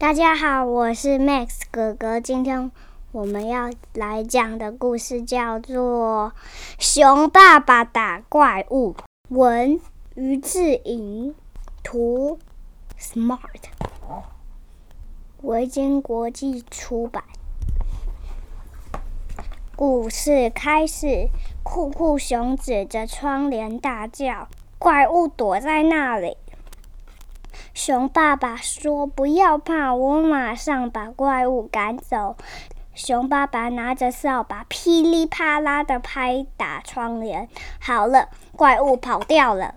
大家好，我是 Max 哥哥。今天我們要來講的故事叫做《熊爸爸打怪物》，文余治瑩，圖 Smart，維京國際出版。故事開始，酷酷熊指着窗簾大叫：“怪物躲在那裡！”熊爸爸說：“不要怕，我馬上把怪物趕走。”熊爸爸拿着掃把，噼里啪啦的拍打窗簾。好了，怪物跑掉了。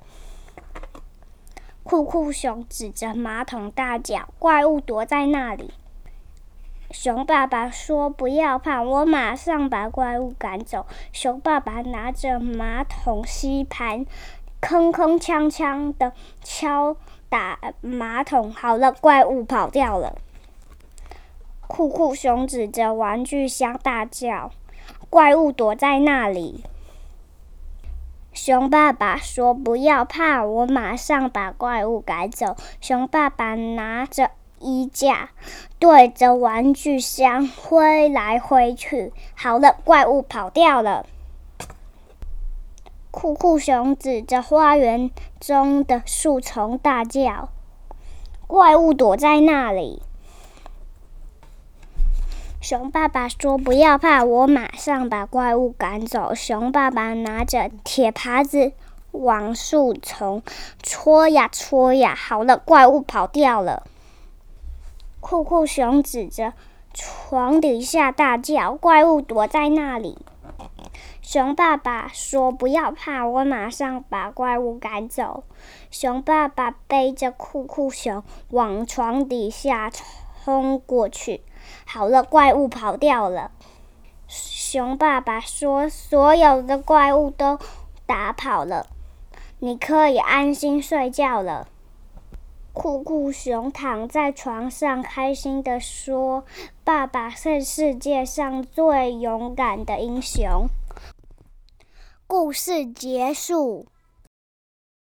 酷酷熊指着馬桶大叫：“怪物躲在那裡！”熊爸爸說：“不要怕，我馬上把怪物趕走。”熊爸爸拿着馬桶吸盤，鏗鏗鏘鏘的敲。打馬桶，好了，怪物跑掉了。酷酷熊指着玩具箱大叫：“怪物躲在那裡！”熊爸爸說：“不要怕，我馬上把怪物趕走。”熊爸爸拿着衣架對着玩具箱揮來揮去。好了，怪物跑掉了。酷酷熊指着花園中的樹叢大叫：“怪物躲在那裡！”熊爸爸說：“不要怕，我馬上把怪物趕走。”熊爸爸拿着鐵耙子往樹叢戳呀戳呀，戳呀，好了，怪物跑掉了。酷酷熊指着床底下大叫：“怪物躲在那裡！”熊爸爸說：“不要怕，我馬上把怪物趕走。”熊爸爸背着酷酷熊往床底下衝過去。好了，怪物跑掉了。熊爸爸說：“所有的怪物都打跑了，你可以安心睡覺了。”酷酷熊躺在床上，開心地說：“爸爸是世界上最勇敢的英雄。”故事結束。